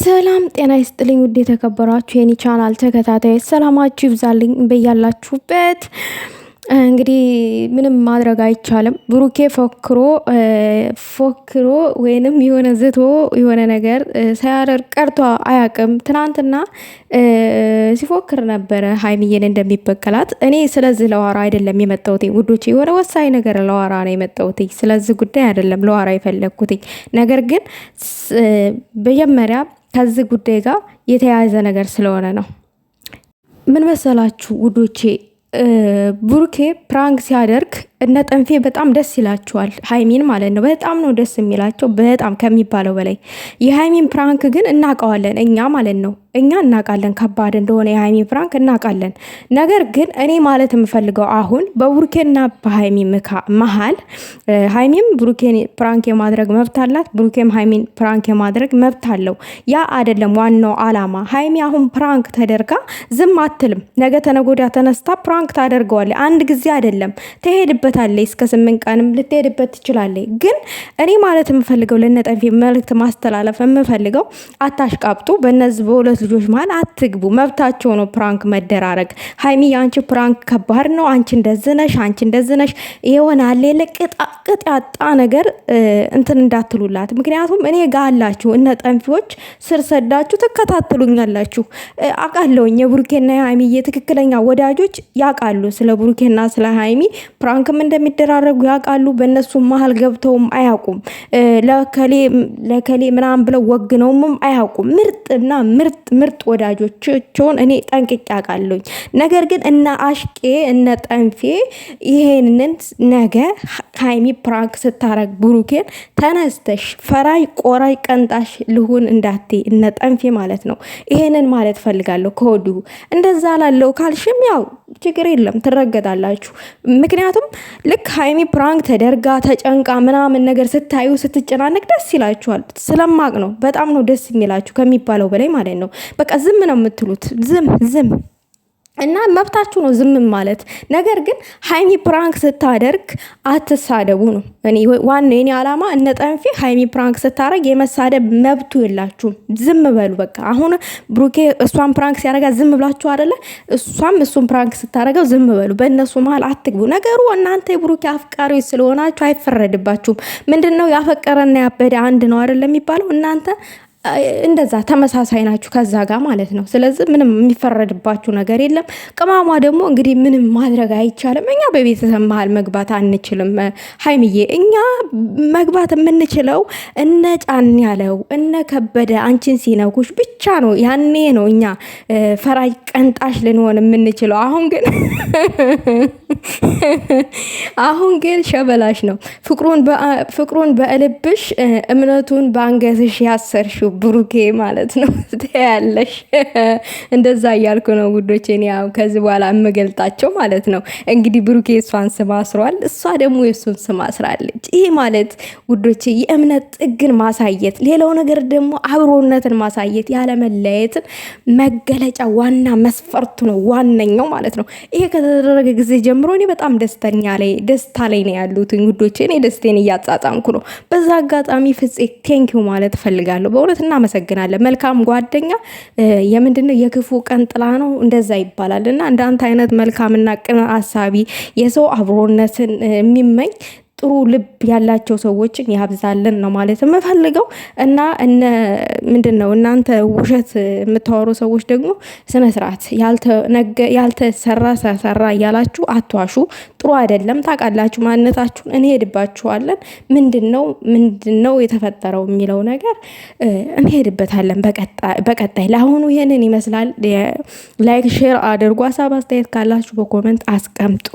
ሰላም ጤና ይስጥልኝ። ውድ የተከበራችሁ የኒ ቻናል ተከታታይ ሰላማችሁ ይብዛልኝ በያላችሁበት። እንግዲህ ምንም ማድረግ አይቻልም። ብሩኬ ፎክሮ ፎክሮ ወይንም የሆነ ዝቶ የሆነ ነገር ሳያደርግ ቀርቶ አያቅም ትናንትና ሲፎክር ነበረ ሀይሚዬን እንደሚበቀላት። እኔ ስለዚህ ለዋራ አይደለም የመጣሁት ውዶች፣ የሆነ ወሳኝ ነገር ለዋራ ነው የመጣሁት። ስለዚህ ጉዳይ አይደለም ለዋራ የፈለግኩትኝ ነገር ግን መጀመሪያ ከዚህ ጉዳይ ጋር የተያያዘ ነገር ስለሆነ ነው። ምን መሰላችሁ ውዶቼ፣ ብሩኬ ፕራንክ ሲያደርግ እነ ጠንፌ በጣም ደስ ይላቸዋል። ሀይሚን ማለት ነው። በጣም ነው ደስ የሚላቸው በጣም ከሚባለው በላይ። የሀይሚን ፕራንክ ግን እናውቀዋለን እኛ ማለት ነው። እኛ እናውቃለን ከባድ እንደሆነ የሀይሚን ፕራንክ እናውቃለን። ነገር ግን እኔ ማለት የምፈልገው አሁን በቡሩኬና በሀይሚ መሀል ሀይሚም ብሩኬን ፕራንክ የማድረግ መብት አላት፣ ብሩኬም ሀይሚን ፕራንክ የማድረግ መብት አለው። ያ አይደለም ዋናው አላማ። ሀይሚ አሁን ፕራንክ ተደርጋ ዝም አትልም። ነገ ተነጎዳ ተነስታ ፕራንክ ታደርገዋለች። አንድ ጊዜ አይደለም ተሄድበት ትሄድበታለች። እስከ ስምንት ቀንም ልትሄድበት ትችላለች። ግን እኔ ማለት የምፈልገው ለነጠንፌ መልእክት ማስተላለፍ የምፈልገው አታሽቃብጡ፣ በነዚህ በሁለት ልጆች መሀል አትግቡ። መብታቸው ነው ፕራንክ መደራረግ። ሀይሚ የአንቺ ፕራንክ ከባድ ነው። አንቺ እንደዝነሽ፣ አንቺ እንደዝነሽ የሆነ አሌለ ቅጥ ያጣ ነገር እንትን እንዳትሉላት። ምክንያቱም እኔ ጋ አላችሁ እነ ጠንፊዎች ስር ሰዳችሁ ትከታተሉኛላችሁ። አቃለውኝ የቡሩኬና የሀይሚ ትክክለኛ ወዳጆች ያውቃሉ ስለ ቡሩኬና ስለ ሀይሚ ፕራንክ እንደሚደራረጉ ያውቃሉ። በእነሱ መሀል ገብተውም አያውቁም። ለከሌ ምናምን ብለው ወግነውም አያውቁም። ምርጥና ምርጥ ምርጥ ወዳጆቻቸውን እኔ ጠንቅቄ አውቃለሁኝ ነገር ግን እነ አሽቄ እነ ጠንፌ ይሄንን ነገ ሀይሚ ፕራንክ ስታረግ ብሩኬን ተነስተሽ ፈራጅ ቆራጅ ቀንጣሽ ልሁን እንዳቴ እነ ጠንፌ ማለት ነው። ይሄንን ማለት ፈልጋለሁ ከወዲሁ እንደዛ ላለው ካልሽም ያው ችግር የለም ትረገጣላችሁ። ምክንያቱም ልክ ሀይሚ ፕራንክ ተደርጋ ተጨንቃ ምናምን ነገር ስታዩ ስትጨናነቅ ደስ ይላችኋል። ስለማቅ ነው። በጣም ነው ደስ የሚላችሁ ከሚባለው በላይ ማለት ነው። በቃ ዝም ነው የምትሉት። ዝም ዝም እና መብታችሁ ነው ዝም ማለት። ነገር ግን ሀይሚ ፕራንክ ስታደርግ አትሳደቡ ነው እኔ ዋና የኔ ዓላማ። እነ ጠንፌ ሀይሚ ፕራንክ ስታደርግ የመሳደብ መብቱ የላችሁም፣ ዝም በሉ በቃ። አሁን ብሩኬ እሷን ፕራንክ ሲያደርጋ ዝም ብላችሁ አደለ? እሷም እሱን ፕራንክ ስታደርገው ዝም በሉ፣ በእነሱ መሀል አትግቡ። ነገሩ እናንተ የብሩኬ አፍቃሪዎች ስለሆናችሁ አይፈረድባችሁም። ምንድን ነው ያፈቀረና ያበደ አንድ ነው አደለ የሚባለው እናንተ እንደዛ ተመሳሳይ ናችሁ ከዛ ጋር ማለት ነው። ስለዚህ ምንም የሚፈረድባችሁ ነገር የለም። ቅማሟ ደግሞ እንግዲህ ምንም ማድረግ አይቻልም። እኛ በቤተሰብ መሀል መግባት አንችልም ሀይምዬ። እኛ መግባት የምንችለው እነ ጫን ያለው እነ ከበደ አንቺን ሲነኩሽ ብቻ ነው። ያኔ ነው እኛ ፈራጅ ቀንጣሽ ልንሆን የምንችለው። አሁን ግን አሁን ግን ሸበላሽ ነው። ፍቅሩን በልብሽ እምነቱን በአንገትሽ ያሰርሽው ብሩኬ ማለት ነው ያለሽ እንደዛ እያልኩ ነው ውዶቼ። እኔ ያው ከዚህ በኋላ የምገልጣቸው ማለት ነው እንግዲህ ብሩኬ እሷን ስም አስሯል፣ እሷ ደግሞ የእሱን ስም አስራለች። ይህ ማለት ውዶቼ የእምነት ጥግን ማሳየት፣ ሌላው ነገር ደግሞ አብሮነትን ማሳየት ያለመለየትን መገለጫ ዋና መስፈርቱ ነው ዋነኛው ማለት ነው። ይሄ ከተደረገ ጊዜ ጀምሮ እኔ በጣም ደስተኛ ላይ ደስታ ላይ ነው ያሉት ውዶቼ። እኔ ደስቴን እያጻጻምኩ ነው። በዛ አጋጣሚ ፍፄ ቴንኪው ማለት እፈልጋለሁ በእውነት እናመሰግናለን። መልካም ጓደኛ የምንድነው የክፉ ቀን ጥላ ነው እንደዛ ይባላል እና እንዳንተ አይነት መልካምና ቅን አሳቢ የሰው አብሮነትን የሚመኝ ጥሩ ልብ ያላቸው ሰዎችን ያብዛልን ነው ማለት የምፈልገው። እና እነ ምንድን ነው እናንተ ውሸት የምታወሩ ሰዎች ደግሞ ስነ ስርዓት ያልተሰራ ሰራ እያላችሁ አትዋሹ። ጥሩ አይደለም። ታውቃላችሁ ማንነታችሁን፣ እንሄድባችኋለን። ምንድን ነው ምንድን ነው የተፈጠረው የሚለው ነገር እንሄድበታለን በቀጣይ። ለአሁኑ ይህንን ይመስላል። ላይክ ሼር አድርጎ ሀሳብ አስተያየት ካላችሁ በኮመንት አስቀምጡ።